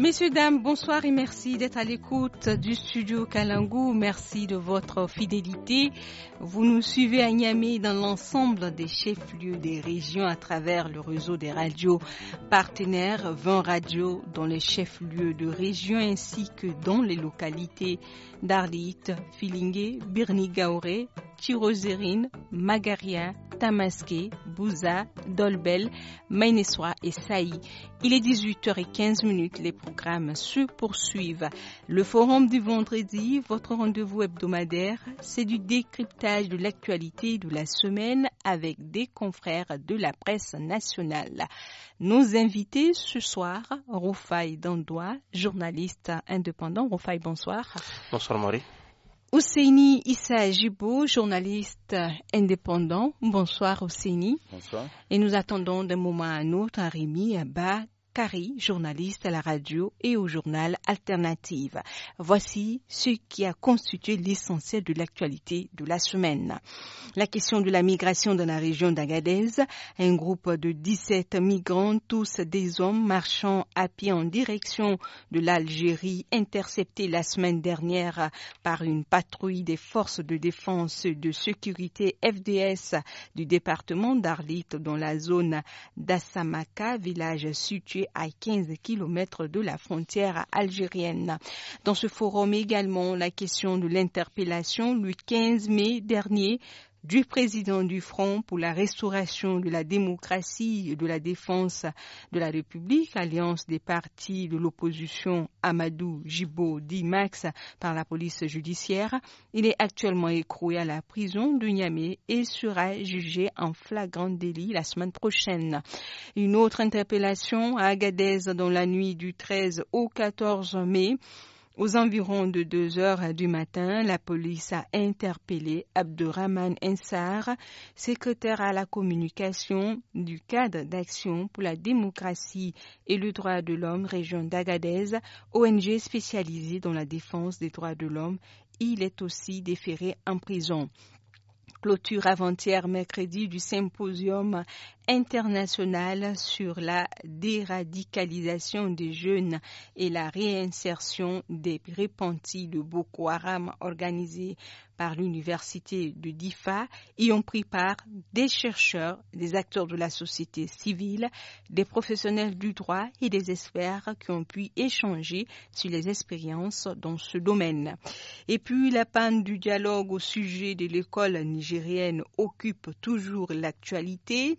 Messieurs, dames, bonsoir et merci d'être à l'écoute du studio Kalangou. Merci de votre fidélité. Vous nous suivez à Niamey dans l'ensemble des chefs-lieux des régions à travers le réseau des radios partenaires, 20 radios dans les chefs-lieux de région ainsi que dans les localités d'Arlit, Filingué, Birnigaoré, tyrosérine, Magaria, Tamaské, Bouza, Dolbel, Mainessois et Saï. Il est 18h15 minutes. Les programmes se poursuivent. Le forum du vendredi, votre rendez-vous hebdomadaire, c'est du décryptage de l'actualité de la semaine avec des confrères de la presse nationale. Nos invités ce soir, Roufaï Dandois, journaliste indépendant. Roufaï, bonsoir. Bonsoir Marie. Ousseini Issa Jibou, journaliste indépendant. Bonsoir Ousseini. Bonsoir. Et nous attendons d'un moment à un autre Rémi Abba Kari, journaliste à la radio et au journal Alternative. Voici ce qui a constitué l'essentiel de l'actualité de la semaine. La question de la migration dans la région d'Agadez, un groupe de 17 migrants, tous des hommes marchant à pied en direction de l'Algérie, intercepté la semaine dernière par une patrouille des forces de défense de sécurité FDS du département d'Arlit dans la zone d'Assamaka, village situé à 15 kilomètres de la frontière algérienne. Dans ce forum également, la question de l'interpellation le 15 mai dernier du président du Front pour la restauration de la démocratie et de la défense de la République, alliance des partis de l'opposition Amadou Jibo Dimax par la police judiciaire. Il est actuellement écroué à la prison de Niamey et sera jugé en flagrant délit la semaine prochaine. Une autre interpellation à Agadez dans la nuit du 13 au 14 mai. Aux environs de 2 heures du matin, la police a interpellé Abdurrahman Ensar, secrétaire à la communication du cadre d'action pour la démocratie et le droit de l'homme région d'Agadez, ONG spécialisée dans la défense des droits de l'homme. Il est aussi déféré en prison clôture avant-hier mercredi du symposium international sur la déradicalisation des jeunes et la réinsertion des répentis de Boko Haram organisé par l'université de Difa y ont pris part des chercheurs, des acteurs de la société civile, des professionnels du droit et des experts qui ont pu échanger sur les expériences dans ce domaine. Et puis la panne du dialogue au sujet de l'école algérienne occupe toujours l'actualité.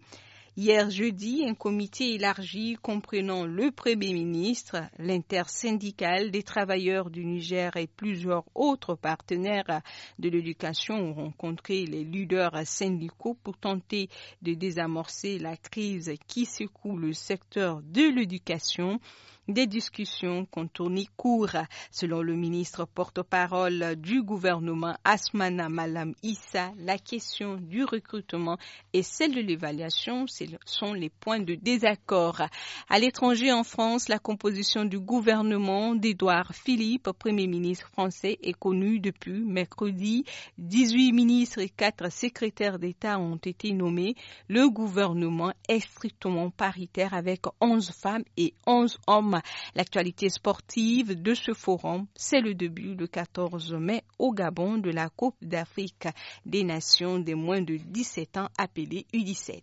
Hier jeudi, un comité élargi comprenant le Premier ministre, l'intersyndical, des travailleurs du Niger et plusieurs autres partenaires de l'éducation ont rencontré les leaders syndicaux pour tenter de désamorcer la crise qui secoue le secteur de l'éducation des discussions qu'on court. Selon le ministre porte-parole du gouvernement Asmana Malam Issa, la question du recrutement et celle de l'évaluation sont les points de désaccord. À l'étranger, en France, la composition du gouvernement d'Édouard Philippe, premier ministre français, est connue depuis mercredi. 18 ministres et 4 secrétaires d'État ont été nommés. Le gouvernement est strictement paritaire avec 11 femmes et 11 hommes L'actualité sportive de ce forum, c'est le début le 14 mai au Gabon de la Coupe d'Afrique des Nations des moins de 17 ans appelée U17.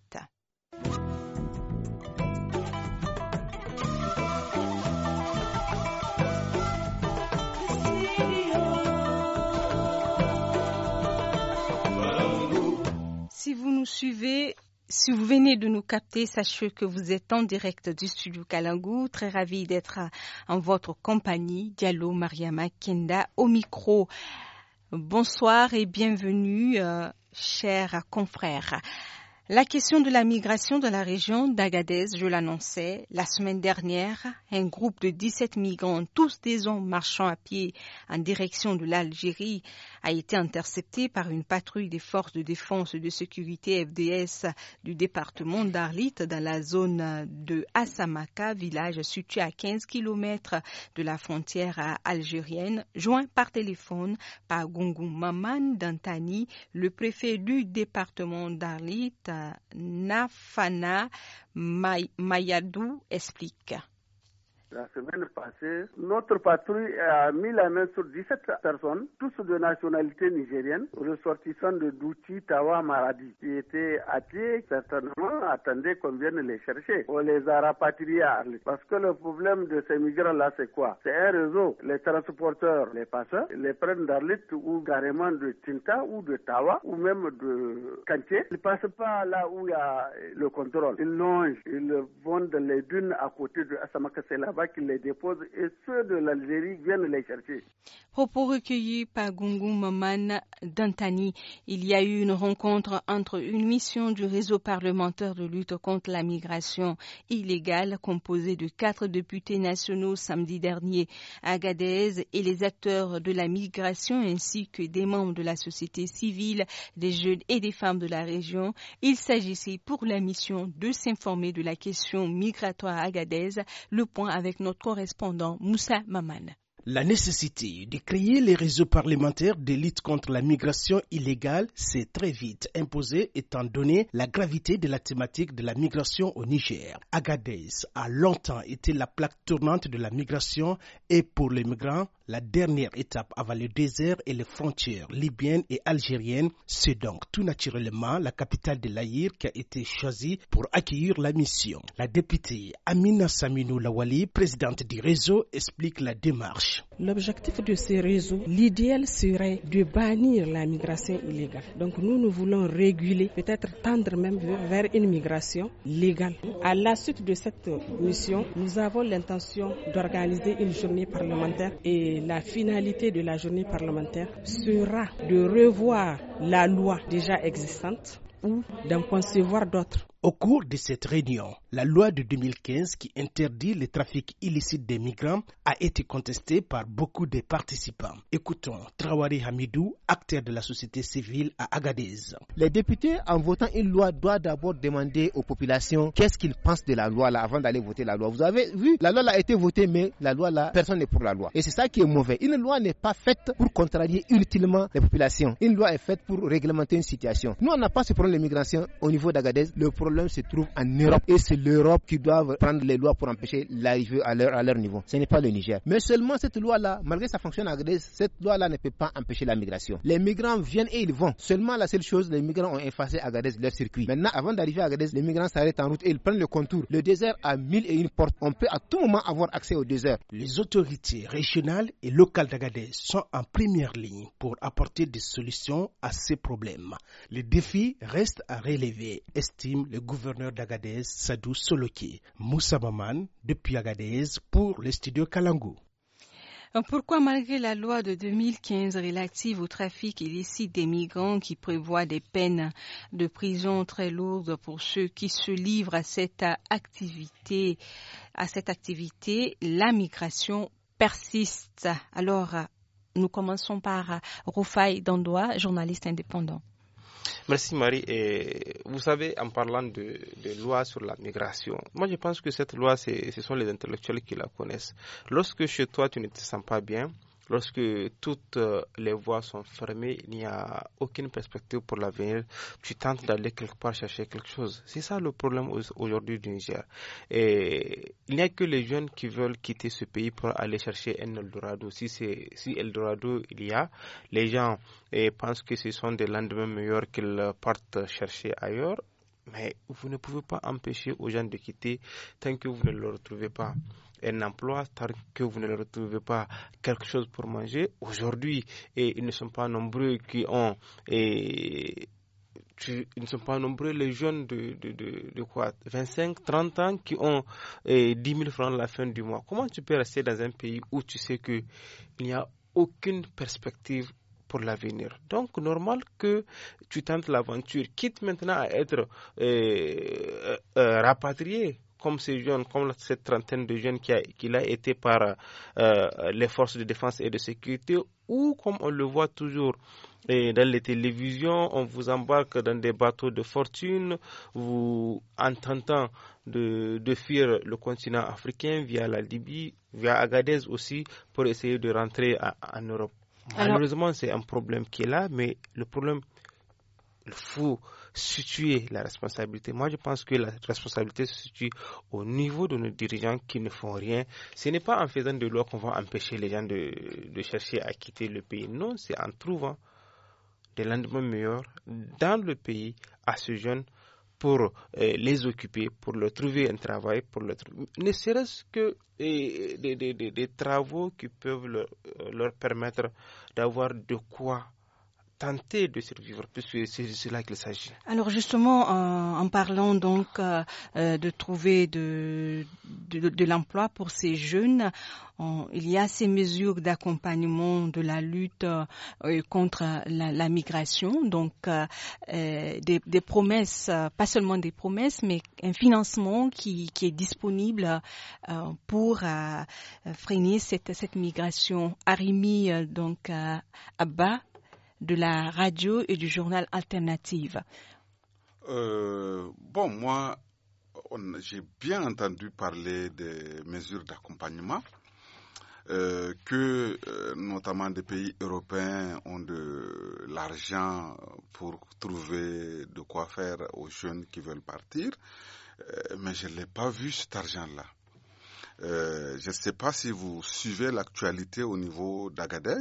Si vous nous suivez, si vous venez de nous capter, sachez que vous êtes en direct du studio Kalangou. Très ravi d'être en votre compagnie. Diallo Mariama Kenda au micro. Bonsoir et bienvenue, euh, chers confrères. La question de la migration dans la région d'Agadez, je l'annonçais la semaine dernière, un groupe de 17 migrants, tous des hommes marchant à pied en direction de l'Algérie, a été intercepté par une patrouille des forces de défense et de sécurité FDS du département d'Arlit dans la zone de Asamaka, village situé à 15 km de la frontière algérienne, joint par téléphone par Gungun Maman Dantani, le préfet du département d'Arlit, Nafana Mayadou, explique. La semaine passée, notre patrouille a mis la main sur 17 personnes, tous de nationalité nigérienne, ressortissants de Douti, Tawa, Maradi, qui étaient à pied, certainement attendaient qu'on vienne les chercher. On les a rapatriés à Arlit. Parce que le problème de ces migrants-là, c'est quoi C'est un réseau. Les transporteurs, les passeurs, les prennent d'Arlit ou carrément de Tinta ou de Tawa ou même de Cantier. Ils passent pas là où il y a le contrôle. Ils longent, ils vont dans les dunes à côté de Asamakasela qui les déposent et ceux de l'Algérie viennent les chercher. Propos recueillis par Gungu Maman Dantani. Il y a eu une rencontre entre une mission du réseau parlementaire de lutte contre la migration illégale composée de quatre députés nationaux samedi dernier à Agadez et les acteurs de la migration ainsi que des membres de la société civile, des jeunes et des femmes de la région. Il s'agissait pour la mission de s'informer de la question migratoire à Agadez, le point avec notre correspondant Moussa Maman. La nécessité de créer les réseaux parlementaires de lutte contre la migration illégale s'est très vite imposée étant donné la gravité de la thématique de la migration au Niger. Agadez a longtemps été la plaque tournante de la migration et pour les migrants, la dernière étape avant le désert et les frontières libyennes et algériennes. C'est donc tout naturellement la capitale de l'Aïr qui a été choisie pour accueillir la mission. La députée Amina Saminou Lawali, présidente du réseau, explique la démarche. L'objectif de ce réseau, l'idéal serait de bannir la migration illégale. Donc nous, nous voulons réguler, peut-être tendre même vers une migration légale. À la suite de cette mission, nous avons l'intention d'organiser une journée parlementaire et la finalité de la journée parlementaire sera de revoir la loi déjà existante ou d'en concevoir d'autres au cours de cette réunion, la loi de 2015 qui interdit le trafic illicite des migrants a été contestée par beaucoup de participants. Écoutons Traoré Hamidou, acteur de la société civile à Agadez. Les députés, en votant une loi, doivent d'abord demander aux populations qu'est-ce qu'ils pensent de la loi là avant d'aller voter la loi. Vous avez vu, la loi a été votée, mais la loi là, personne n'est pour la loi. Et c'est ça qui est mauvais. Une loi n'est pas faite pour contrarier inutilement les populations. Une loi est faite pour réglementer une situation. Nous, on n'a pas ce problème de l'immigration au niveau d'Agadez. Le problème se trouve en Europe et c'est l'Europe qui doit prendre les lois pour empêcher l'arrivée à leur, à leur niveau. Ce n'est pas le Niger. Mais seulement cette loi-là, malgré sa fonction Agadez, cette loi-là ne peut pas empêcher la migration. Les migrants viennent et ils vont. Seulement la seule chose, les migrants ont effacé à Agadez leur circuit. Maintenant, avant d'arriver à Agadez, les migrants s'arrêtent en route et ils prennent le contour. Le désert a mille et une portes. On peut à tout moment avoir accès au désert. Les autorités régionales et locales d'Agadez sont en première ligne pour apporter des solutions à ces problèmes. Les défis restent à relever, estime le gouverneur d'Agadez, Sadou Soloki. Moussa Maman, depuis Agadez, pour le studio Kalangou. Euh, pourquoi, malgré la loi de 2015 relative au trafic illicite des migrants qui prévoit des peines de prison très lourdes pour ceux qui se livrent à cette activité, la migration persiste. Alors, nous commençons par Roufaï Dandoa, journaliste indépendant. Merci Marie. vous savez, en parlant de, de loi sur la migration, moi je pense que cette loi, ce sont les intellectuels qui la connaissent. Lorsque chez toi, tu ne te sens pas bien, Lorsque toutes euh, les voies sont fermées, il n'y a aucune perspective pour l'avenir. Tu tentes d'aller quelque part chercher quelque chose. C'est ça le problème aujourd'hui du Niger. Et il n'y a que les jeunes qui veulent quitter ce pays pour aller chercher un Eldorado. Si c'est si Eldorado il y a, les gens eh, pensent que ce sont des lendemains meilleurs qu'ils partent chercher ailleurs. Mais vous ne pouvez pas empêcher aux gens de quitter tant que vous ne le retrouvez pas un emploi, tant que vous ne retrouvez pas quelque chose pour manger, aujourd'hui, ils ne sont pas nombreux qui ont... Et, ils ne sont pas nombreux les jeunes de, de, de, de quoi 25, 30 ans qui ont 10 000 francs à la fin du mois. Comment tu peux rester dans un pays où tu sais qu'il n'y a aucune perspective pour l'avenir. Donc, normal que tu tentes l'aventure, quitte maintenant à être euh, euh, rapatrié comme ces jeunes, comme cette trentaine de jeunes qui a, qui a été par euh, les forces de défense et de sécurité, ou comme on le voit toujours et dans les télévisions, on vous embarque dans des bateaux de fortune, vous, en tentant de, de fuir le continent africain via la Libye, via Agadez aussi, pour essayer de rentrer en Europe. Malheureusement, c'est un problème qui est là, mais le problème, le fou, situer la responsabilité. Moi, je pense que la responsabilité se situe au niveau de nos dirigeants qui ne font rien. Ce n'est pas en faisant des lois qu'on va empêcher les gens de, chercher à quitter le pays. Non, c'est en trouvant des lendemains meilleurs dans le pays à ces jeunes pour euh, les occuper, pour leur trouver un travail, pour leur ne serait-ce que des, travaux qui peuvent leur euh, permettre d'avoir de quoi tenter de survivre, puisque c'est cela qu'il s'agit. Alors justement, en, parlant donc euh, euh, de trouver de, de, l'emploi pour ces jeunes, il y a ces mesures d'accompagnement de la lutte euh, contre la, migration, donc des, promesses, pas seulement des promesses, mais un financement qui, est disponible pour freiner cette, cette migration. Arimi, donc, Abba, de la radio et du journal Alternative euh, Bon, moi, j'ai bien entendu parler des mesures d'accompagnement. Euh, que euh, notamment des pays européens ont de l'argent pour trouver de quoi faire aux jeunes qui veulent partir, mais je n'ai l'ai pas vu cet argent-là. Euh, je ne sais pas si vous suivez l'actualité au niveau d'Agadez,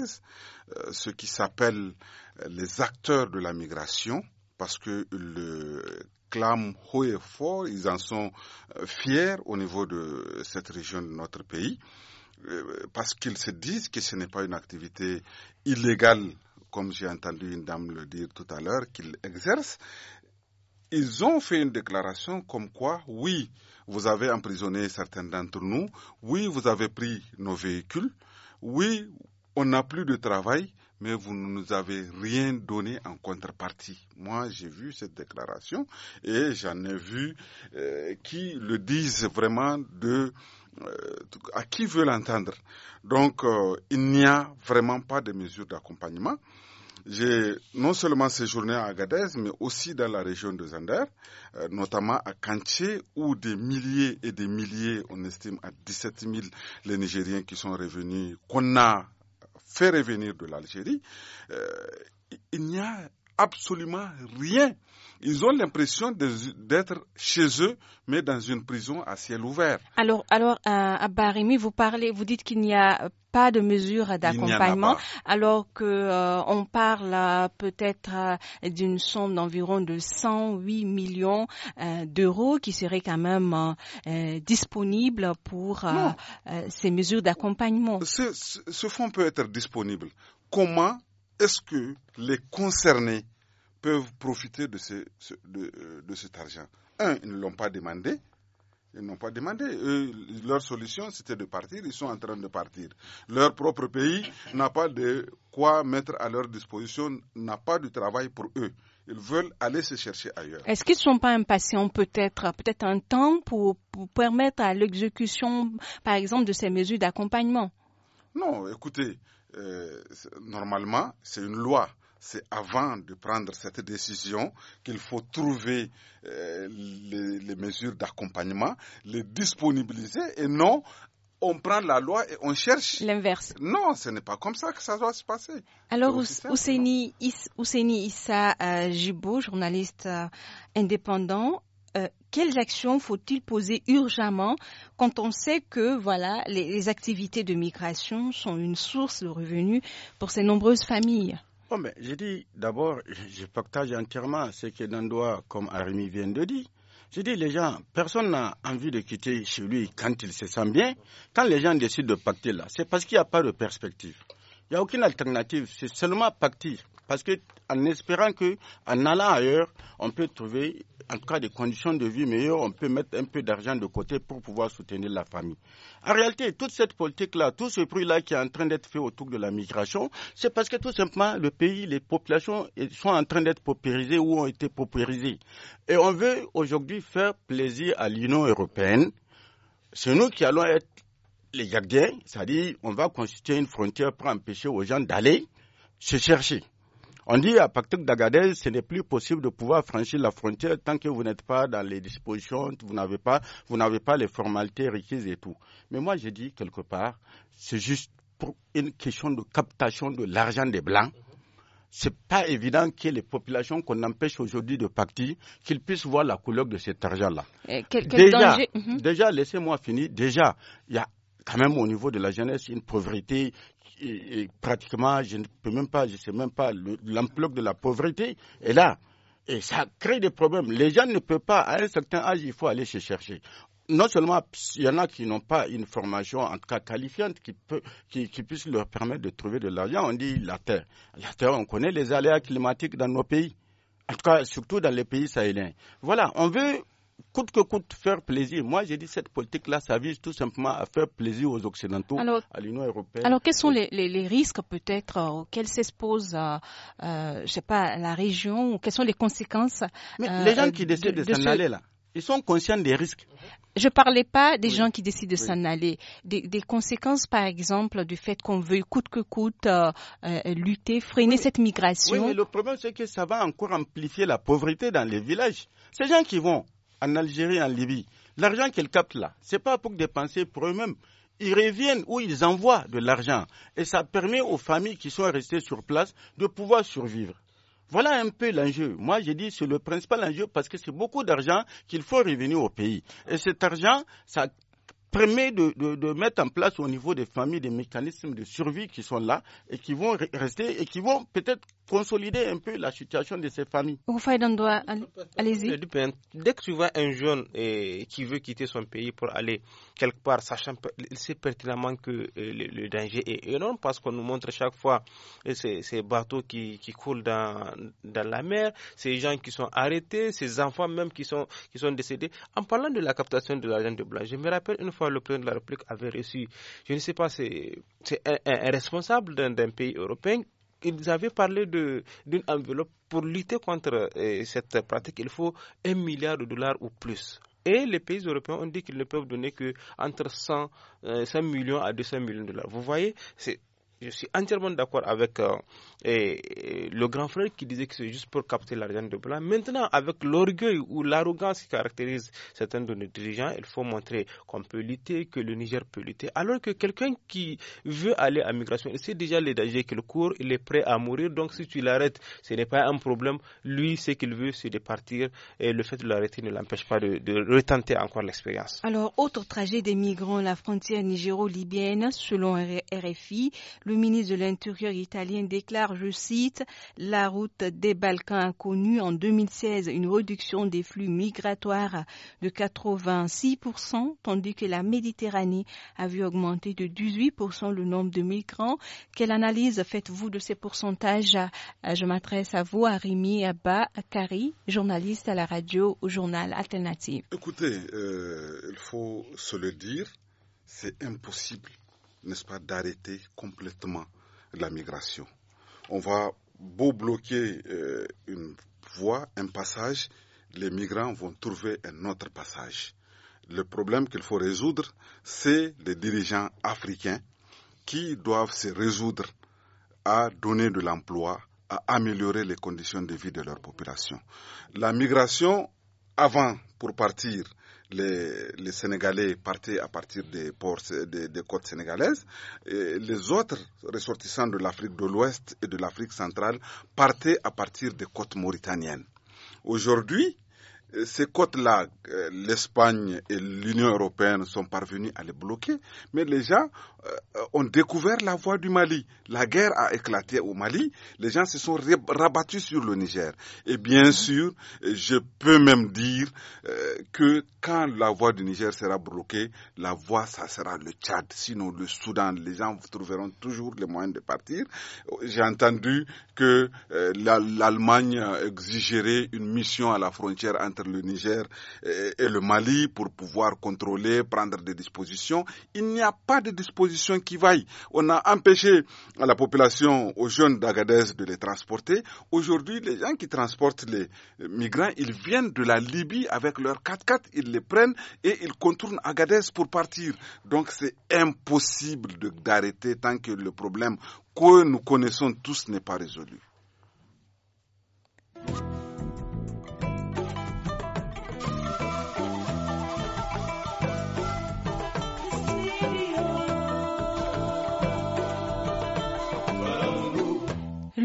euh, ce qui s'appelle euh, les acteurs de la migration, parce que le clament haut et fort, ils en sont euh, fiers au niveau de cette région de notre pays, parce qu'ils se disent que ce n'est pas une activité illégale, comme j'ai entendu une dame le dire tout à l'heure, qu'ils exercent. Ils ont fait une déclaration comme quoi, oui, vous avez emprisonné certains d'entre nous, oui, vous avez pris nos véhicules, oui, on n'a plus de travail, mais vous ne nous avez rien donné en contrepartie. Moi, j'ai vu cette déclaration et j'en ai vu euh, qui le disent vraiment de euh, à qui veut l'entendre. Donc, euh, il n'y a vraiment pas de mesures d'accompagnement. J'ai non seulement séjourné à Agadez, mais aussi dans la région de Zander, euh, notamment à Kanché, où des milliers et des milliers, on estime à 17 000 les Nigériens qui sont revenus, qu'on a fait revenir de l'Algérie. Euh, il n'y a absolument rien. Ils ont l'impression d'être chez eux, mais dans une prison à ciel ouvert. Alors, alors euh, à Barimi, vous parlez, vous dites qu'il n'y a pas de mesures d'accompagnement, alors que euh, on parle euh, peut-être d'une somme d'environ de 108 millions d'euros qui serait quand même disponible pour ces mesures d'accompagnement. ce fonds peut être disponible. Comment est-ce que les concernés peuvent profiter de, ce, euh, de, cet argent Un, ils ne l'ont pas demandé. Ils n'ont pas demandé. leur solution, c'était de partir. Ils sont en train de partir. Leur propre pays n'a pas de quoi mettre à leur disposition, n'a pas de travail pour eux. Ils veulent aller se chercher ailleurs. Est-ce qu'ils ne sont pas impatients peut-être, peut-être un temps pour, pour permettre à l'exécution, par exemple, de ces mesures d'accompagnement Non, écoutez, euh, normalement, c'est une loi. C'est avant de prendre cette décision qu'il faut trouver euh, les, mesures d'accompagnement, les disponibiliser et non on prend la loi et on cherche. L'inverse. Non, ce n'est pas comme ça que ça doit se passer. Alors, Ouseni Issa euh, Jibo, journaliste euh, indépendant, euh, quelles actions faut-il poser urgemment quand on sait que voilà les, activités de migration sont une source de revenus pour ces nombreuses familles bon, Je dis d'abord, je partage entièrement ce que Nandoa comme Arimi vient de dire. Je dis les gens, personne n'a envie de quitter chez lui quand il se sent bien. Quand les gens décident de partir là, c'est parce qu'il n'y a pas de perspective. Il n'y a aucune alternative. C'est seulement partir. Parce que en espérant que, en allant ailleurs, on peut trouver, en tout cas, des conditions de vie meilleures, on peut mettre un peu d'argent de côté pour pouvoir soutenir la famille. En réalité, toute cette politique-là, tout ce bruit-là qui est en train d'être fait autour de la migration, c'est parce que tout simplement, le pays, les populations sont en train d'être paupérisées ou ont été paupérisées. Et on veut aujourd'hui faire plaisir à l'Union européenne. C'est nous qui allons être les gardiens, c'est-à-dire on va constituer une frontière pour empêcher aux gens d'aller se chercher. On dit à Pactuc d'Agadez, ce n'est plus possible de pouvoir franchir la frontière tant que vous n'êtes pas dans les dispositions, vous n'avez pas, vous n'avez pas les formalités requises et tout. Mais moi, j'ai dit, quelque part, c'est juste pour une question de captation de l'argent des blancs. C'est pas évident que les populations qu'on empêche aujourd'hui de partir, qu'ils puissent voir la couleur de cet argent-là. Déjà, danger? Mhm. déjà laissez-moi finir. Déjà, il y a quand même au niveau de la jeunesse une pauvreté pratiquement, je ne peux même pas, je sais même pas, l'ampleur de la pauvreté est là. Et ça crée des problèmes. Les gens ne peuvent pas, à un certain âge, il faut aller se chercher. Non seulement il y en a qui n'ont pas une formation en tout cas qualifiante qui, peut, qui, qui puisse leur permettre de trouver de l'argent, on dit la terre. La terre, on connaît les aléas climatiques dans nos pays, en tout cas surtout dans les pays sahéliens. Voilà, on veut coûte que coûte, faire plaisir. Moi, j'ai dit cette politique-là, ça vise tout simplement à faire plaisir aux Occidentaux, à l'Union européenne. Alors, quels sont les, risques peut-être euh, auxquels s'expose, euh, euh sais pas, la région ou quelles sont les conséquences euh, les gens qui décident de, s'en aller là, ils sont conscients des risques. Je ne parlais pas des gens qui décident de s'en aller, des, conséquences par exemple du fait qu'on veut, coûte que coûte lutter, freiner cette migration. Oui, mais le problème c'est que ça va encore amplifier la pauvreté dans les villages. Ces gens qui vont, en Algérie, en Libye, l'argent qu'ils captent là, ce n'est pas pour dépenser pour eux-mêmes. Ils reviennent où ils envoient de l'argent. Et ça permet aux familles qui sont restées sur place de pouvoir survivre. Voilà un peu l'enjeu. Moi, j'ai dit c'est le principal enjeu parce que c'est beaucoup d'argent qu'il faut revenir au pays. Et cet argent, ça permet de, mettre en place au niveau des familles des mécanismes de survie qui sont là et qui vont rester et qui vont peut-être consolider un peu la situation de ces familles. allez-y. Dès que tu vois un jeune eh, qui veut quitter son pays pour aller quelque part, sachant, il sait pertinemment que eh, le, danger est énorme parce qu'on nous montre chaque fois eh, ces, bateaux qui, coulent dans, la mer, ces gens qui sont arrêtés, ces enfants même qui sont, qui sont décédés. En parlant de la captation de l'argent de blanc, je me rappelle une fois le président de la République avait reçu, je ne sais pas, c'est un responsable d'un pays européen ils avaient parlé d'une enveloppe pour lutter contre euh, cette pratique. Il faut un milliard de dollars ou plus. Et les pays européens ont dit qu'ils ne peuvent donner que entre 100, euh, millions à 200 millions de dollars. Vous voyez, je suis entièrement d'accord avec euh, le grand frère qui disait que c'est juste pour capter l'argent de blanc. Maintenant, avec l'orgueil ou l'arrogance qui caractérise certains de nos dirigeants, il faut montrer qu'on peut lutter, que le Niger peut lutter. Alors que quelqu'un qui veut aller en migration, il sait déjà les dangers qu'il court, il est prêt à mourir. Donc, si tu l'arrêtes, ce n'est pas un problème. Lui, ce qu'il veut, c'est de partir. Et le fait de l'arrêter ne l'empêche pas de, de retenter encore l'expérience. Alors, autre trajet des migrants, la frontière nigéro-libyenne, selon RFI, le ministre de l'Intérieur italien déclare, je cite, La route des Balkans a connu en 2016 une réduction des flux migratoires de 86%, tandis que la Méditerranée a vu augmenter de 18% le nombre de migrants. Quelle analyse faites-vous de ces pourcentages euh, Je m'adresse à vous, à Rémi Abba journaliste à la radio au journal Alternative. Écoutez, euh, il faut se le dire, c'est impossible n'est-ce pas, d'arrêter complètement la migration. On va beau bloquer euh, une voie, un passage, les migrants vont trouver un autre passage. Le problème qu'il faut résoudre, c'est les dirigeants africains qui doivent se résoudre à donner de l'emploi, à améliorer les conditions de vie de leur population. La migration, avant, pour partir, les, les Sénégalais partaient à partir des ports des, côtes sénégalaises, et les autres ressortissants de l'Afrique de l'Ouest et de l'Afrique centrale partaient à partir des côtes mauritaniennes. Aujourd'hui, euh, ces côtes-là, euh, l'Espagne et l'Union européenne sont parvenus à les bloquer, mais les gens euh, euh, ont découvert la voie du Mali. La guerre a éclaté au Mali, les gens se sont rabattus sur le Niger. Et bien sûr, je peux même dire euh, que quand la voie du Niger sera bloquée, la voie, ça sera le Tchad, sinon le Soudan. Les gens trouveront toujours les moyens de partir. J'ai entendu que l'Allemagne exigerait une mission à la frontière entre le Niger et, et le Mali pour pouvoir contrôler, prendre des dispositions. Il n'y a pas de disposition qui vaille On a empêché la population, aux jeunes d'Agadez de les transporter. Aujourd'hui, les gens qui transportent les migrants, ils viennent de la Libye avec leurs 4x4, ils les prennent et ils contournent Agadez pour partir. Donc c'est impossible d'arrêter tant que le problème que nous connaissons tous n'est pas résolu.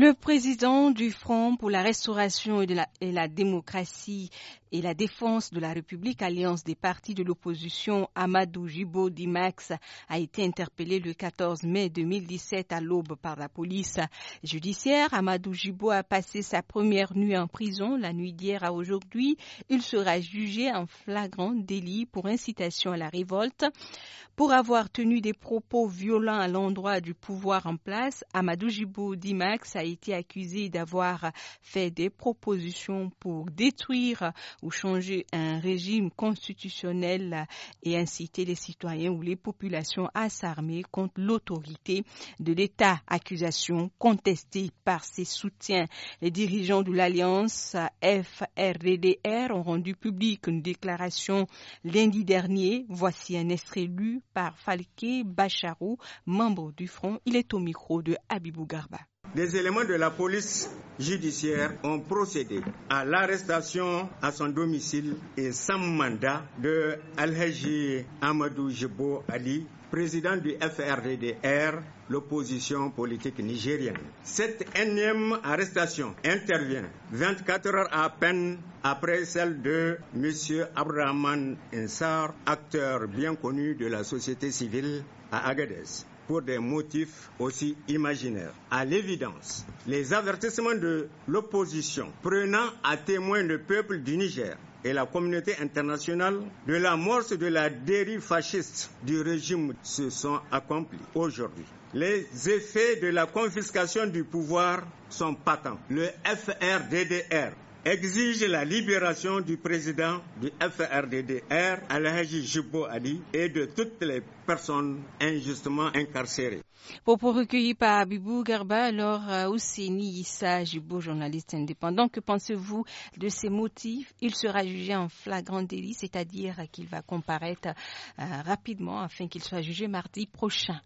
Le président du Front pour la restauration et, de la, et, la, démocratie et la défense de la République, alliance des partis de l'opposition, Amadou Jibo Dimax, a été interpellé le 14 mai 2017 à l'aube par la police judiciaire. Amadou Jibo a passé sa première nuit en prison, la nuit d'hier à aujourd'hui. Il sera jugé en flagrant délit pour incitation à la révolte. Pour avoir tenu des propos violents à l'endroit du pouvoir en place, Amadou Jibo Dimax a été accusé d'avoir fait des propositions pour détruire ou changer un régime constitutionnel et inciter les citoyens ou les populations à s'armer contre l'autorité de l'État. Accusation contestée par ses soutiens. Les dirigeants de l'Alliance FRDDR ont rendu publique une déclaration lundi dernier. Voici un extrait lu par Falke Bacharou, membre du Front. Il est au micro de Habibou Garba des éléments de la police judiciaire ont procédé à l'arrestation à son domicile et sans mandat de Alhaji Amadou Jebo Ali, président du FRDDR, l'opposition politique nigérienne. Cette énième arrestation intervient 24 heures à peine après celle de M. Abraham Insar, acteur bien connu de la société civile à Agadez pour des motifs aussi imaginaires. À l'évidence, les avertissements de l'opposition prenant à témoin le peuple du Niger et la communauté internationale de la l'amorce de la dérive fasciste du régime se sont accomplis aujourd'hui. Les effets de la confiscation du pouvoir sont patents. Le FRDDR exige la libération du président du FRDDR, Alhaji Jubo Ali, et de toutes les personnes injustement incarcérées. Pour recueillir par Bibou Garba, alors Ousseni euh, Issa Jibo, journaliste indépendant. Que pensez-vous de ces motifs Il sera jugé en flagrant délit, c'est-à-dire qu'il va comparaître euh, rapidement afin qu'il soit jugé mardi prochain.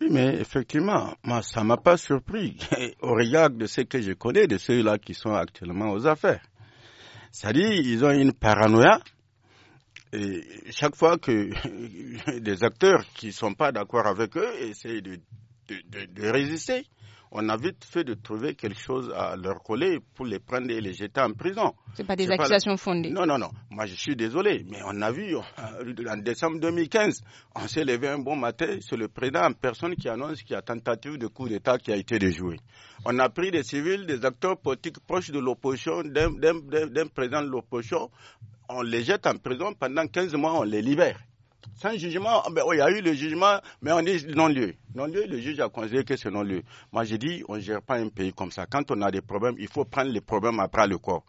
Oui, mais effectivement, moi, ça m'a pas surpris au regard de ceux que je connais, de ceux-là qui sont actuellement aux affaires. C'est-à-dire, ils ont une paranoïa. Et chaque fois que des acteurs qui ne sont pas d'accord avec eux essaient de, de résister, on a vite fait de trouver quelque chose à leur coller pour les prendre et les jeter en prison. Ce pas des accusations fondées. Non, non, non. Moi, je suis désolé, mais on a vu euh, en décembre 2015, on s'est levé un bon matin, sur le président en personne qui annonce qu'il y a tentative de coup d'État qui a été déjouée. On a pris des civils, des acteurs politiques proches de l'opposition, d'un président de l'opposition, on les jette en prison pendant 15 mois, on les libère. Sans jugement, ah, ben, il y a eu le jugement, mais on dit non-lieu. Non-lieu, le juge a considéré que c'est non-lieu. Moi, j'ai dit, on ne gère pas un pays comme ça. Quand on a des problèmes, il faut prendre les problèmes après le corps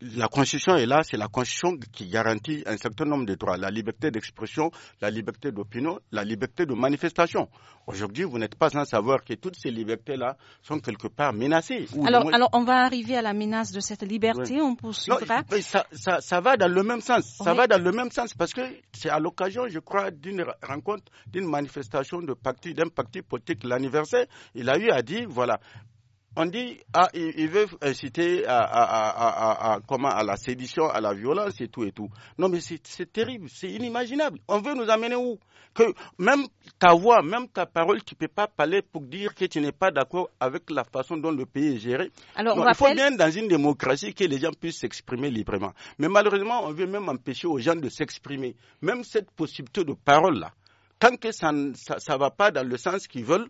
la Constitution est là, c'est la Constitution qui garantit un certain nombre de droits, la liberté d'expression, la liberté d'opinion, la liberté de manifestation. Aujourd'hui, vous n'êtes pas sans savoir que toutes ces libertés-là sont quelque part menacées. Alors, alors, on va arriver à la menace de cette liberté, on poursuivra. ça, ça, ça, va dans le même sens, ça va dans le même sens, parce que c'est à l'occasion, je crois, d'une rencontre, d'une manifestation de parti, d'un parti politique l'anniversaire, il a eu à dire, voilà, on dit, ah, veulent inciter à, comment, à la sédition, à la violence et tout et tout. Non, mais c'est terrible, c'est inimaginable. On veut nous amener où Que même ta voix, même ta parole, tu ne peux pas parler pour dire que tu n'es pas d'accord avec la façon dont le pays est géré. Alors, il faut bien dans une démocratie que les gens puissent s'exprimer librement. Mais malheureusement, on veut même empêcher aux gens de s'exprimer. Même cette possibilité de parole-là tant que ça ne va pas dans le sens qu'ils veulent,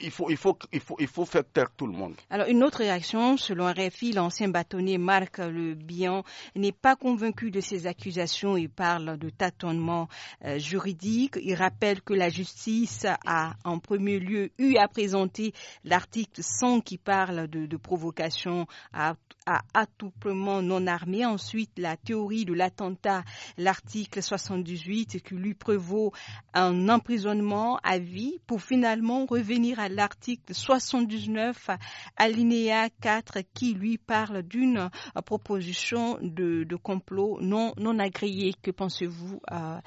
il faut, il, faut, il, faut, il faut faire taire tout le monde. Alors, une autre réaction, selon RFI, l'ancien bâtonnier Marc Le Bihan n'est pas convaincu de ces accusations. Il parle de tâtonnement euh, juridique. Il rappelle que la justice a en premier lieu eu à présenter l'article 100 qui parle de, provocation à, à attouplement non armé. Ensuite, la théorie de l'attentat, l'article 78 qui lui prévaut un emprisonnement à vie pour finalement revenir à l'article 79 alinéa 4 qui lui parle d'une proposition de, complot non, non agréé. Que pensez-vous euh,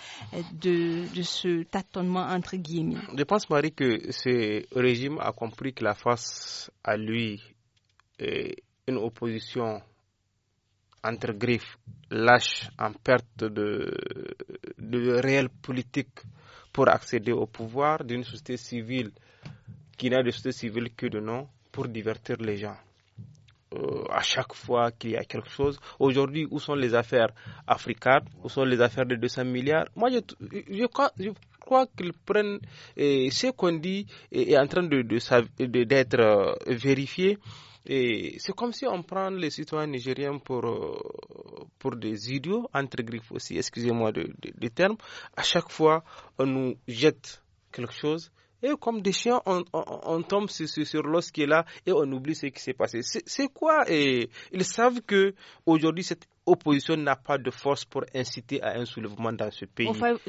de, ce tâtonnement entre guillemets Je pense, Marie, que ce régime a compris que la face à lui est une opposition entre griffes lâche en perte de, de réelle politique pour accéder au pouvoir d'une société civile qui n'a de société civile que de nom pour divertir les gens. Euh, à chaque fois qu'il y a quelque chose. Aujourd'hui, où sont les affaires africaines Où sont les affaires de 200 milliards Moi, je, crois, qu'ils prennent ce qu'on dit est, en train de, d'être euh, vérifié. Et c'est comme si on prend les citoyens nigériens pour, euh, pour des idiots, entre griffes aussi, excusez-moi de, terme. À chaque fois, on nous jette quelque chose et comme des chiens, on, tombe sur, sur l'os qui est là et on oublie ce qui s'est passé. C'est quoi et Ils savent que aujourd'hui cette opposition n'a pas de force pour inciter à un soulèvement dans ce pays.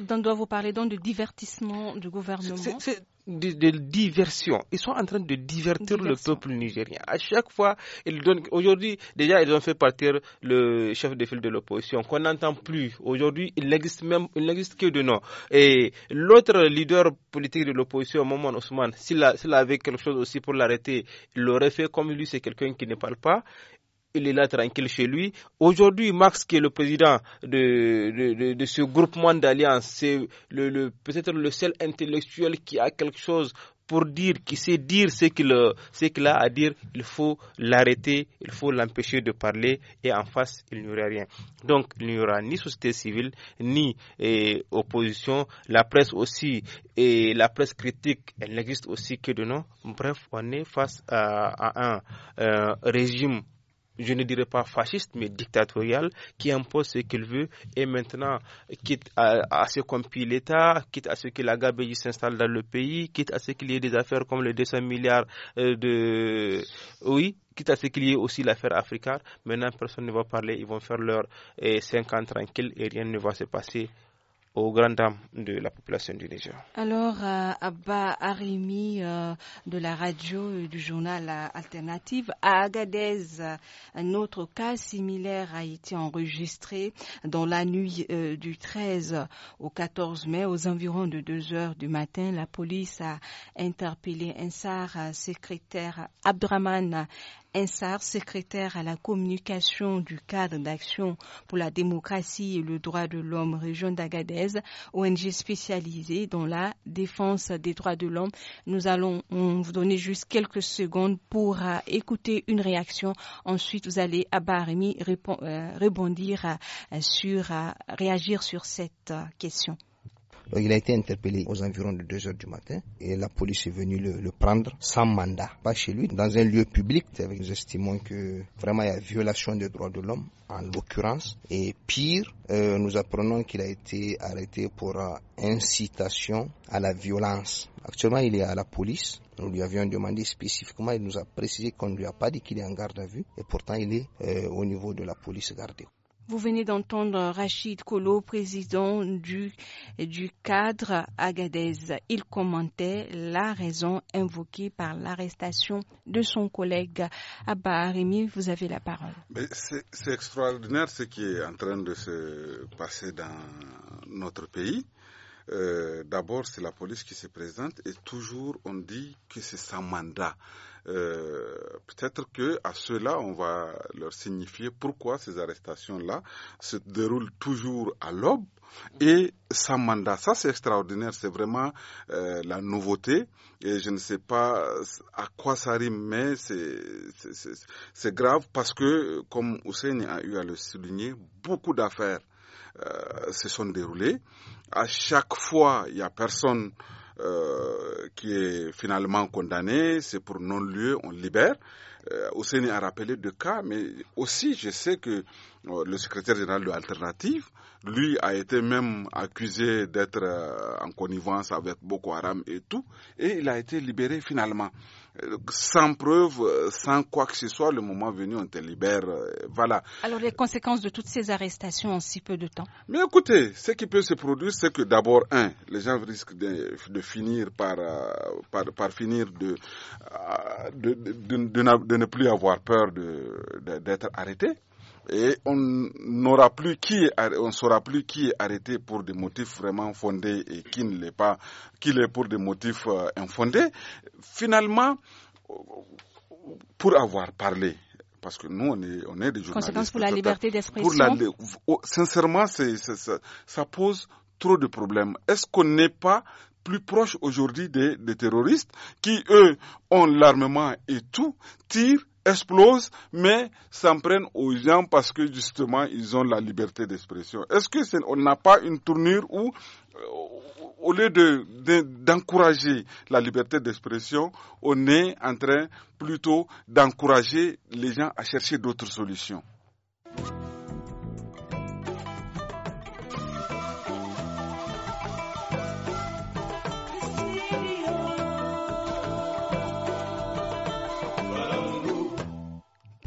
On doit vous parler donc de divertissement du gouvernement. C'est de, diversion. Ils sont en train de divertir le peuple nigérien. À chaque fois, ils donnent. Aujourd'hui, déjà, ils ont fait partir le chef de file de l'opposition qu'on n'entend plus. Aujourd'hui, il n'existe même, il n'existe que de nom. Et l'autre leader politique de l'opposition, Momon Ousmane, s'il, avait quelque chose aussi pour l'arrêter, il l'aurait fait comme lui, c'est quelqu'un qui ne parle pas il est là tranquille chez lui. Aujourd'hui, Max, qui est le président de, de, ce groupement d'alliance, c'est le, peut-être le seul intellectuel qui a quelque chose pour dire, qui sait dire ce qu'il a à dire, il faut l'arrêter, il faut l'empêcher de parler et en face, il n'y aura rien. Donc, il n'y aura ni société civile, ni eh, opposition. La presse aussi, et la presse critique, elle n'existe aussi que de nom. Bref, on est face à, un euh, régime je ne dirais pas fasciste, mais dictatorial, qui impose ce qu'il veut et maintenant, quitte à, ce qu'on pille l'État, quitte à ce que la s'installe dans le pays, quitte à ce qu'il y ait des affaires comme les 200 milliards euh, de... Oui, quitte à ce qu'il y ait aussi l'affaire africaine, maintenant personne ne va parler, ils vont faire leur 50 euh, ans tranquille et rien ne va se passer au grand dam de la population du Alors, euh, Abba Arimi euh, de la radio et du journal euh, Alternative, à Agadez, un autre cas similaire a été enregistré dans la nuit du 13 au 14 mai, aux environs de 2 heures du matin. La police a interpellé un SAR secrétaire Abdraman Insar, secrétaire à la communication du cadre d'action pour la démocratie et le droit de l'homme région d'Agadez, ONG spécialisée dans la défense des droits de l'homme. Nous allons vous donner juste quelques secondes pour euh, écouter une réaction. Ensuite, vous allez à euh, Barmi euh, rebondir sur, réagir sur cette question. Donc, il a été interpellé aux environs de 2 heures du matin et la police est venue le, prendre sans mandat, pas chez lui, dans un lieu public. nous estimons que vraiment il y a violation des droits de l'homme en l'occurrence. Et pire, euh, nous apprenons qu'il a été arrêté pour euh, incitation à la violence. Actuellement, il est à la police. Nous lui avions demandé spécifiquement, il nous a précisé qu'on ne lui a pas dit qu'il est en garde à vue et pourtant il est euh, au niveau de la police gardée. Vous venez d'entendre Rachid Kolo, président du, cadre Agadez. Il commentait la raison invoquée par l'arrestation de son collègue Abba Arimi. Vous avez la parole. C'est extraordinaire ce qui est en train de se passer dans notre pays. Euh, d'abord, c'est la police qui se présente et toujours on dit que c'est sa mandat. Euh, peut-être que à ceux-là, on va leur signifier pourquoi ces arrestations-là se déroulent toujours à l'aube et sans mandat. Ça, c'est extraordinaire. C'est vraiment euh, la nouveauté. Et je ne sais pas à quoi ça rime, mais c'est grave parce que, comme Hussein a eu à le souligner, beaucoup d'affaires euh, se sont déroulées. À chaque fois, il n'y a personne euh, qui est finalement condamné, c'est pour non-lieu, on libère. Au euh, a rappelé deux cas, mais aussi je sais que euh, le secrétaire général de l'Alternative, lui a été même accusé d'être euh, en connivence avec Boko Haram et tout, et il a été libéré finalement. Euh, sans preuve, sans quoi que ce soit, le moment venu, on te libère. Voilà. Alors, les conséquences de toutes ces arrestations en si peu de temps Mais écoutez, ce qui peut se produire, c'est que d'abord, un, les gens risquent de, finir par, finir de de, ne plus avoir peur d'être arrêtés et on n'aura plus qui on saura plus qui est arrêté pour des motifs vraiment fondés et qui ne l'est pas, qui l'est pour des motifs euh, infondés. Finalement, pour avoir parlé parce que nous, on est, on est des journalistes. Conséquence pour la liberté d'expression oh, Sincèrement, ça, pose trop de problèmes. Est-ce qu'on n'est pas plus proche aujourd'hui des, des, terroristes qui, eux, ont l'armement et tout, tirent explosent, mais s'en prennent aux gens parce que justement ils ont la liberté d'expression. Est-ce que on n'a pas une tournure où euh, au lieu d'encourager la liberté d'expression, on est en train plutôt d'encourager les gens à chercher d'autres solutions.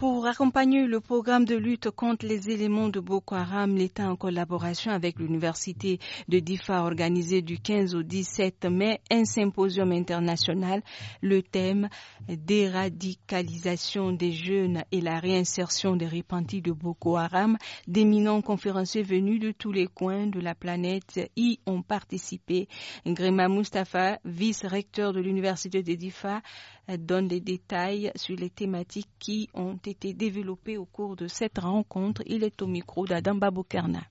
Pour accompagner le programme de lutte contre les éléments de Boko Haram, l'État en collaboration avec l'Université de Difa a organisé du 15 au 17 mai un symposium international. Le thème déradicalisation des jeunes et la réinsertion des repentis de Boko Haram. D'éminents conférenciers venus de tous les coins de la planète y ont participé. Grima Mustafa, vice-recteur de l'Université de Difa, euh, donne des détails sur les thématiques qui ont été développées au cours de cette rencontre. Il est au micro d'Adam Babokarna.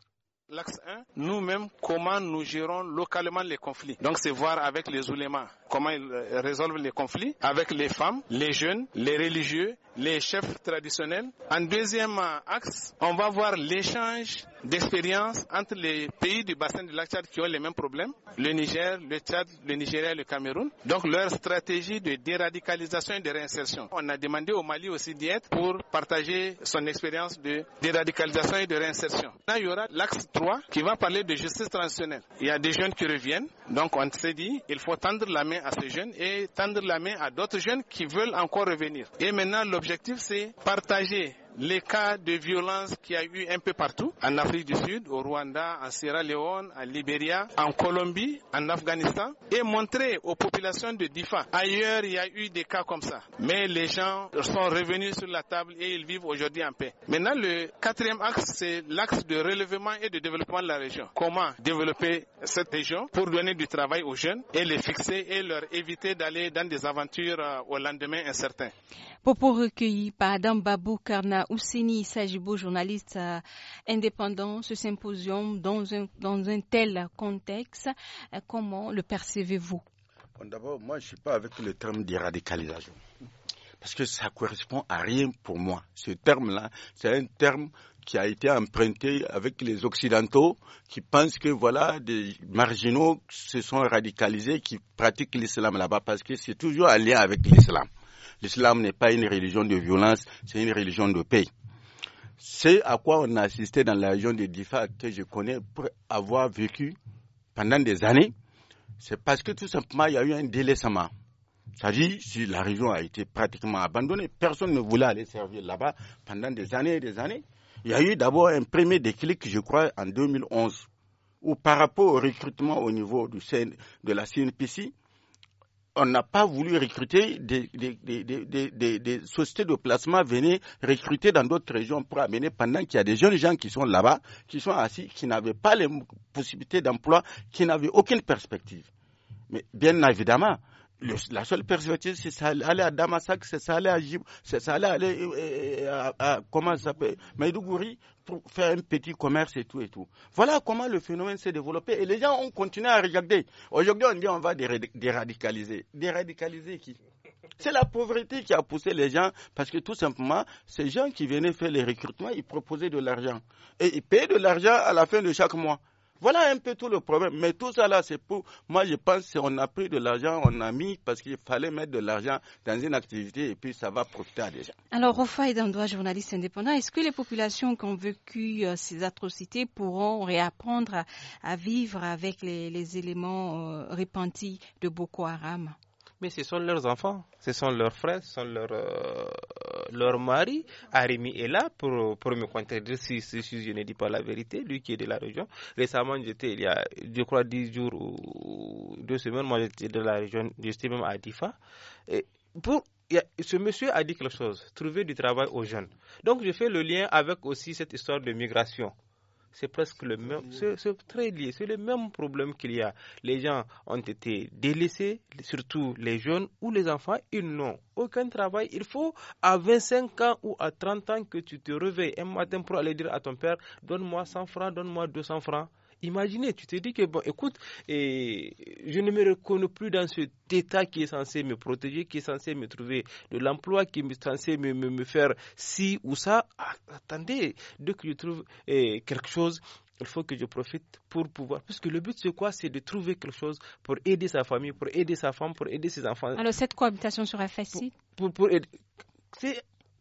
L'axe 1, nous-mêmes, comment nous gérons localement les conflits. Donc, c'est voir avec les oulémas comment ils euh, résolvent les conflits, avec les femmes, les jeunes, les religieux, les chefs traditionnels. En deuxième axe, on va voir l'échange d'expériences entre les pays du bassin du lac Tchad qui ont les mêmes problèmes, le Niger, le Tchad, le Nigeria et le Cameroun. Donc leur stratégie de déradicalisation et de réinsertion. On a demandé au Mali aussi d'y être pour partager son expérience de déradicalisation et de réinsertion. Là, il y aura l'axe 3 qui va parler de justice transitionnelle. Il y a des jeunes qui reviennent, donc on s'est dit, il faut tendre la main à ces jeunes et tendre la main à d'autres jeunes qui veulent encore revenir. Et maintenant, le L'objectif, c'est partager les cas de violence qu'il y a eu un peu partout, en Afrique du Sud, au Rwanda, en Sierra Leone, en Libéria, en Colombie, en Afghanistan, et montrer aux populations de Difa. Ailleurs, il y a eu des cas comme ça. Mais les gens sont revenus sur la table et ils vivent aujourd'hui en paix. Maintenant, le quatrième axe, c'est l'axe de relèvement et de développement de la région. Comment développer cette région pour donner du travail aux jeunes et les fixer et leur éviter d'aller dans des aventures euh, au lendemain incertain. Popo recueillir par Adam Babou euh, il Sajibo, journaliste euh, indépendant, ce symposium dans un, tel contexte, euh, comment le percevez-vous D'abord, moi, je ne suis pas avec le terme de radicalisation. Parce que ça correspond à rien pour moi. Ce terme-là, c'est un terme qui a été emprunté avec les Occidentaux qui pensent que voilà, des marginaux se sont radicalisés, qui pratiquent l'islam là-bas parce que c'est toujours un lien avec l'islam l'islam n'est pas une religion de violence, c'est une religion de paix. C'est à quoi on a assisté dans la région de Difa que je connais pour avoir vécu pendant des années. C'est parce que tout simplement, il y a eu un délaissement. C'est-à-dire, si la région a été pratiquement abandonnée, personne ne voulait aller servir là-bas pendant des années et des années. Il y a eu d'abord un premier déclic, je crois, en 2011, où par rapport au recrutement au niveau de la CNPC, on n'a pas voulu recruter des, sociétés de placement venir recruter dans d'autres régions pour amener pendant qu'il y a des jeunes gens qui sont là-bas, qui sont assis, qui n'avaient pas les possibilités d'emploi, qui n'avaient aucune perspective. Mais bien évidemment, la seule perspective, c'est aller à Damasak, c'est aller à Jib, c'est aller, à, à, comment ça s'appelle, Maïdougouri, pour faire un petit commerce et tout et tout. Voilà comment le phénomène s'est développé et les gens ont continué à regarder. Aujourd'hui, on dit on va déradicaliser. Déradicaliser qui c'est la pauvreté qui a poussé les gens, parce que tout simplement, ces gens qui venaient faire les recrutements, ils proposaient de l'argent. Et ils payaient de l'argent à la fin de chaque mois. Voilà un peu tout le problème. Mais tout ça là, c'est pour, moi je pense, on a pris de l'argent, on a mis parce qu'il fallait mettre de l'argent dans une activité et puis ça va profiter à des gens. Alors, d'un droit journaliste indépendant, est-ce que les populations qui ont vécu euh, ces atrocités pourront réapprendre à, vivre avec les, éléments euh, répandus de Boko Haram? mais ce sont leurs enfants, ce sont leurs frères, ce sont leurs, euh, leurs maris. Arimi est là pour, pour me contredire si, si, je ne dis pas la vérité, lui qui est de la région. Récemment, j'étais, il y a, je crois, dix jours ou deux semaines, moi j'étais de la région, j'étais même à Difa. Et ce monsieur a dit quelque chose, trouver du travail aux jeunes. Donc je fais le lien avec aussi cette histoire de migration c'est presque le même, c'est très lié, c'est le même problème qu'il y a. Les gens ont été délaissés, surtout les jeunes ou les enfants, ils n'ont aucun travail. Il faut à 25 ans ou à 30 ans que tu te réveilles un matin pour aller dire à ton père, donne-moi 100 francs, donne-moi 200 francs. Imaginez, tu te dis que, bon, écoute, je ne me reconnais plus dans cet état qui est censé me protéger, qui est censé me trouver de l'emploi, qui est censé me, me, faire ci ou ça. Ah, attendez, dès que je trouve eh, quelque chose, il faut que je profite pour pouvoir. Parce que le but, c'est quoi C'est de trouver quelque chose pour aider sa famille, pour aider sa femme, pour aider ses enfants. Alors, cette cohabitation sera facile pour, pour,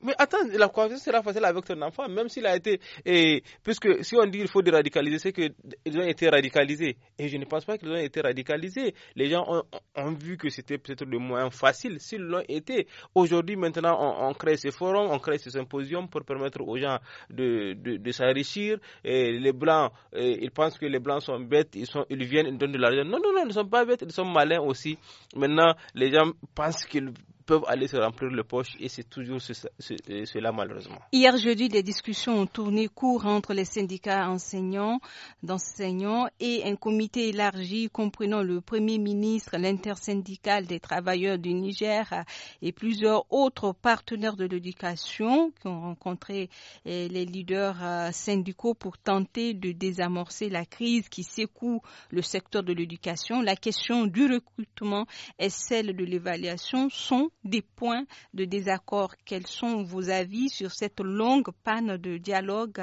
mais attends, la cohabitation sera facile avec ton enfant, même s'il a été. Et, puisque si on dit qu'il faut déradicaliser, c'est qu'ils ont été radicalisés. Et je ne pense pas qu'ils ont été radicalisés. Les gens ont, vu que c'était peut-être le moyen facile, s'ils l'ont été. Aujourd'hui, maintenant, on, crée ces forums, on crée ces symposiums pour permettre aux gens de, de, s'enrichir. Et les Blancs, ils pensent que les Blancs sont bêtes, ils, sont, ils viennent, ils donnent de l'argent. Non, non, non, ils ne sont pas bêtes, ils sont malins aussi. Maintenant, les gens pensent qu'ils peuvent aller se remplir le poche et c'est toujours cela malheureusement. Hier jeudi, des discussions ont tourné court entre les syndicats enseignants, d'enseignants et un comité élargi comprenant le Premier ministre, l'intersyndical des travailleurs du Niger et plusieurs autres partenaires de l'éducation qui ont rencontré eh, les leaders euh, syndicaux pour tenter de désamorcer la crise qui secoue le secteur de l'éducation. La question du recrutement et celle de l'évaluation sont des points de désaccord. Quels sont vos avis sur cette longue panne de dialogue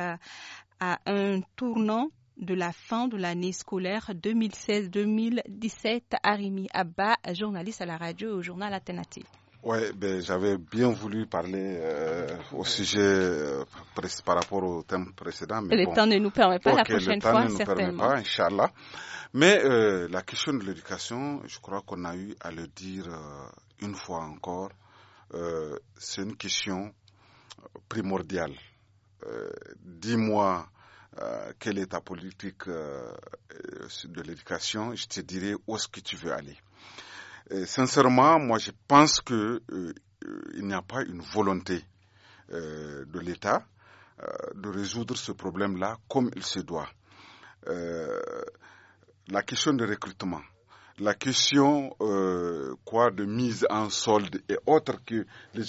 à, un tournant de la fin de l'année scolaire 2016-2017 Arimi Abba, journaliste à la radio au journal Alternative. Oui, ben, j'avais bien voulu parler euh, au sujet euh, par rapport au thème précédent. Mais le temps ne nous permet pas la prochaine le temps fois, ne nous permet pas, Inch'Allah. Mais euh, la question de l'éducation, je crois qu'on a eu à le dire euh, une fois encore, euh, c'est une question primordiale. Dis-moi quelle est ta politique de l'éducation, je te dirai où est-ce que tu veux aller. sincèrement, moi je pense que il n'y a pas une volonté de l'État de résoudre ce problème-là comme il se doit. Euh, la question de recrutement, la question euh, quoi de mise en solde et autres que les,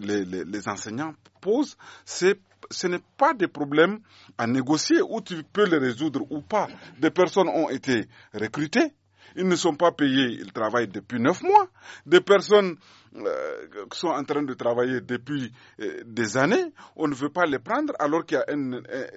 les, les, les enseignants posent, c'est ce n'est pas des problèmes à négocier ou tu peux les résoudre ou pas. Des personnes ont été recrutées, ils ne sont pas payés, ils travaillent depuis neuf mois. Des personnes euh, qui sont en train de travailler depuis euh, des années, on ne veut pas les prendre alors que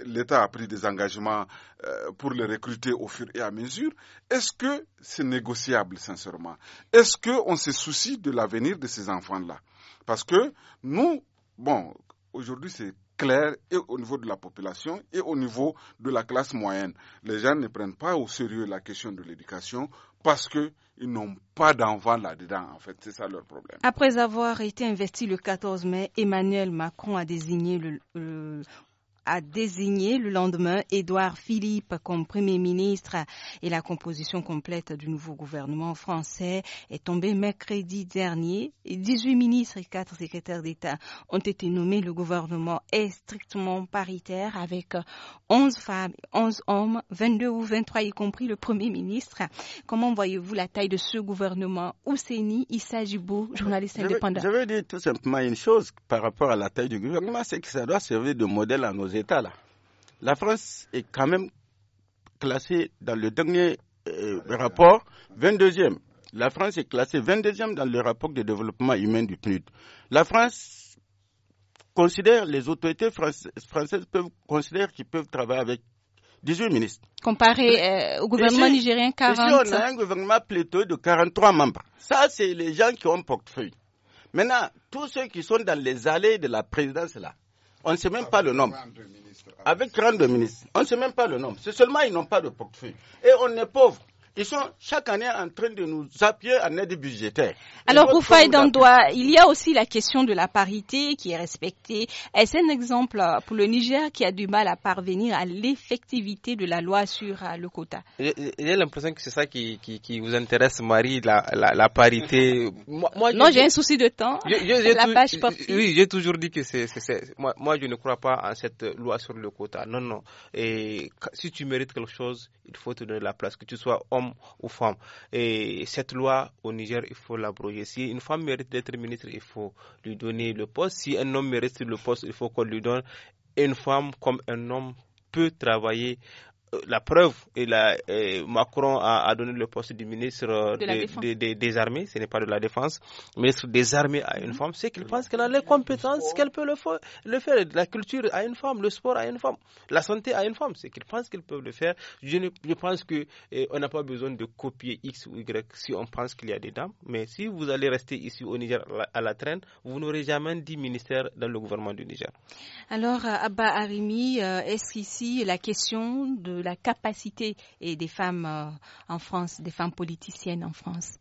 l'État a pris des engagements euh, pour les recruter au fur et à mesure. Est-ce que c'est négociable, sincèrement Est-ce qu'on se soucie de l'avenir de ces enfants-là Parce que nous, bon, aujourd'hui c'est clair et au niveau de la population et au niveau de la classe moyenne. Les gens ne prennent pas au sérieux la question de l'éducation parce que ils n'ont pas d'enfant là-dedans, en fait. C'est ça leur problème. Après avoir été investi le 14 mai, Emmanuel Macron a désigné le, a désigné le lendemain Édouard Philippe comme Premier ministre et la composition complète du nouveau gouvernement français est tombée mercredi dernier. 18 ministres et 4 secrétaires d'État ont été nommés. Le gouvernement est strictement paritaire avec 11 femmes, 11 hommes, 22 ou 23 y compris le Premier ministre. Comment voyez-vous la taille de ce gouvernement Ouseni Issa journaliste indépendant. je veux dire tout simplement une chose par rapport à la taille du gouvernement, c'est que ça doit servir de modèle à nos États là. La France est quand même classée dans le dernier euh, rapport 22e. La France est classée 22e dans le rapport de développement humain du PNUD. La France considère, les autorités françaises, peuvent, considèrent qu'ils peuvent travailler avec 18 ministres. Comparé euh, au gouvernement nigérian, nigérien, 40. on a un gouvernement plutôt de 43 membres. Ça, c'est les gens qui ont portefeuille. Maintenant, tous ceux qui sont dans les allées de la présidence, là, on ne sait même pas le nom. Avec 32 ministres. On ne sait même pas le nom. C'est seulement ils n'ont pas de portefeuille. Et on est pauvre. Ils sont chaque année en train de nous appuyer en aide budgétaire. Alors, Roufaï Dandoua, il y a aussi la question de la parité qui est respectée. Est-ce un exemple pour le Niger qui a du mal à parvenir à l'effectivité de la loi sur euh, le quota J'ai l'impression que c'est ça qui, qui, vous intéresse, Marie, la, parité. moi, non, j'ai un souci de temps. Je, la page partie. oui, j'ai toujours dit que c'est... Moi, moi, je ne crois pas en cette loi sur le quota. Non, non. Et si tu mérites quelque chose, il faut te donner la place, que tu sois homme homme ou femmes. Et cette loi au Niger, il faut l'abroger. Si une femme mérite d'être ministre, il faut lui donner le poste. Si un homme mérite le poste, il faut qu'on lui donne une femme comme un homme peut travailler euh, la preuve, et Macron a, donné le poste du ministre euh, des armées, ce n'est pas de la défense, ministre des armées à une mhm. femme, c'est qu'il pense qu'elle a les compétences, qu'elle peut le, le faire. La culture à une femme, le sport à une femme, la santé à une femme, c'est qu'il pense qu'ils peuvent le faire. Je, pense qu'on eh, n'a pas besoin de copier X ou Y si on pense qu'il y a des dames, mais si vous allez rester ici au Niger à la, traîne, vous n'aurez jamais dit ministère dans le gouvernement du Niger. Alors, Abba Arimi, euh, est-ce ici la question de la capacité des femmes euh, en France, des femmes politiciennes en France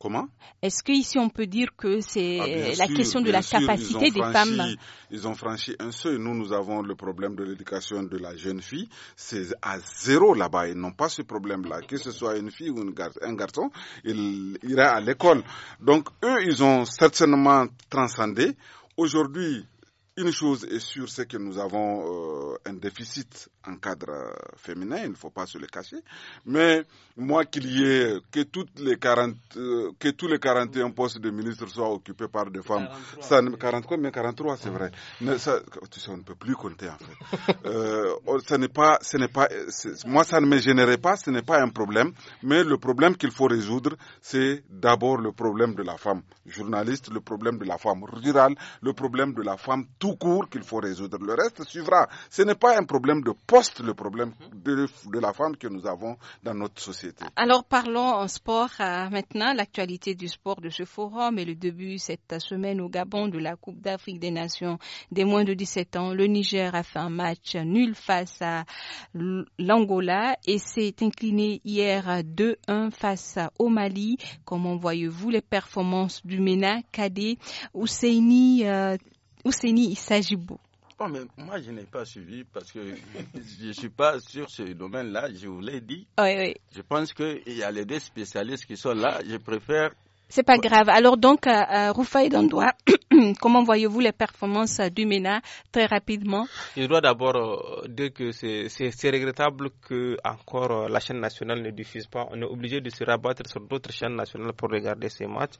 Comment Est-ce qu'ici on peut dire que c'est ah, la question de la capacité des femmes Ils ont franchi un seuil. Nous, nous avons le problème de l'éducation de la jeune fille. C'est à zéro là-bas. Ils n'ont pas ce problème-là. Que ce soit une fille ou un garçon, il ira à l'école. Donc eux, ils ont certainement transcendé. Aujourd'hui, une chose est sûre, c'est que nous avons euh, un déficit un cadre féminin, il ne faut pas se le cacher. Mais moi, qu'il y ait que, toutes les euh, que tous les 41 postes de ministre soient occupés par des femmes, 43, 43 mais 43, c'est ah. vrai. ça, on ne peut plus compter en fait. Euh, oh, pas, pas, moi, ça ne me générait pas, ce n'est pas un problème. Mais le problème qu'il faut résoudre, c'est d'abord le problème de la femme journaliste, le problème de la femme rurale, le problème de la femme tout court qu'il faut résoudre. Le reste suivra. Ce n'est pas un problème de poste le problème de, la femme que nous avons dans notre société. Alors parlons en sport euh, maintenant. L'actualité du sport de ce forum est le début cette semaine au Gabon de la Coupe d'Afrique des Nations des moins de 17 ans. Le Niger a fait un match nul face à l'Angola et s'est incliné hier 2-1 face au Mali. Comment voyez-vous les performances du MENA, Kadé, Ousseini, euh, moi, je n'ai pas suivi parce que je ne suis pas sur ce domaine-là, je vous l'ai dit. Je pense qu'il y a les deux spécialistes qui sont là. Je préfère c'est pas grave. Alors donc, euh, euh Dandoua, comment voyez-vous les performances du MENA très rapidement Je dois d'abord euh, dire que c'est regrettable que encore euh, la chaîne nationale ne diffuse pas. On est obligé de se rabattre sur d'autres chaînes nationales pour regarder ces matchs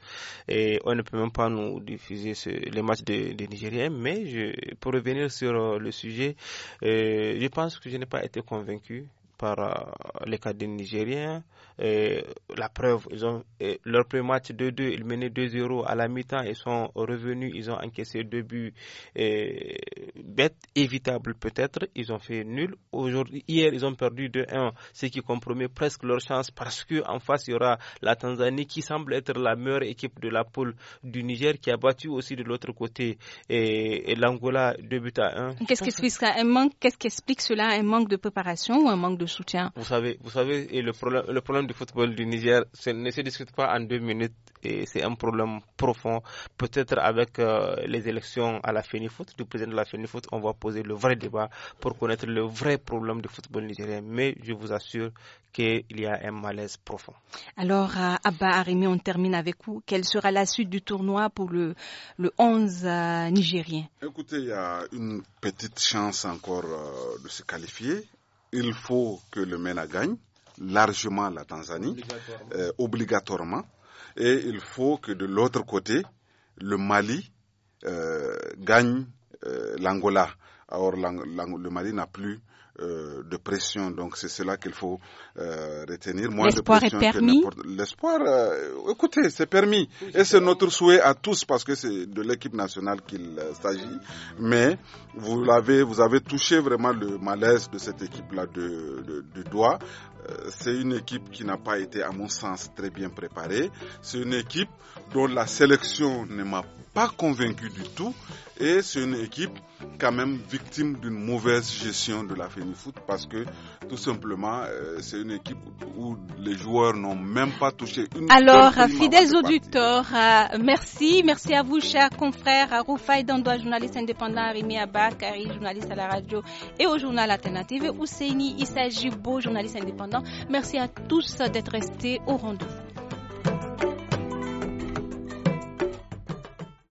et on ne peut même pas nous diffuser les matchs des Nigériens. Mais je, pour revenir sur le sujet, je pense que je n'ai pas été convaincu par euh, les cadets nigériens. la preuve, ils ont, leur premier match 2-2, ils menaient 2-0 à la mi-temps, ils sont revenus, ils ont encaissé deux buts bêtes, évitables peut-être, ils ont fait nul. Aujourd'hui, hier, ils ont perdu 2-1, ce qui compromet presque leur chance parce qu'en face, il y aura la Tanzanie qui semble être la meilleure équipe de la poule du Niger qui a battu aussi de l'autre côté et, l'Angola 2 buts à 1. Qu'est-ce qui explique, explique cela Un manque de préparation ou un manque de soutien. Vous savez, vous savez, et le problème, du football du Niger ne se discute pas en deux minutes et c'est un problème profond. Peut-être avec euh, les élections à la FENIFOOT, du président de la foot, on va poser le vrai débat pour connaître le vrai problème du football nigérien. Mais je vous assure qu'il y a un malaise profond. Alors, euh, Abba Arimi, on termine avec vous. Quelle sera la suite du tournoi pour le, 11 euh, nigérien Écoutez, il y a une petite chance encore de se qualifier il faut que le MENA gagne, largement la Tanzanie, obligatoirement. Euh, et il faut que de l'autre côté, le Mali euh, gagne euh, l'Angola. Or, le Mali n'a plus euh, de pression. Donc c'est cela qu'il faut euh, retenir. L'espoir est permis. L'espoir, euh, écoutez, c'est permis et c'est notre souhait à tous parce que c'est de l'équipe nationale qu'il s'agit. Mais vous l'avez, vous avez touché vraiment le malaise de cette équipe-là de, de, de doigt. C'est une équipe qui n'a pas été, à mon sens, très bien préparée. C'est une équipe dont la sélection ne m'a pas convaincu du tout et c'est une équipe quand même victime d'une mauvaise gestion de la Foot parce que tout simplement euh, c'est une équipe où les joueurs n'ont même pas touché une Alors fidèles auditeurs, euh, merci, merci à vous chers confrères Roufaï Dandoa, journaliste indépendant, Rémi Abakari, journaliste à la radio et au journal alternative, Ousseini Issa Jibo, journaliste indépendant. Merci à tous d'être restés au rendez-vous.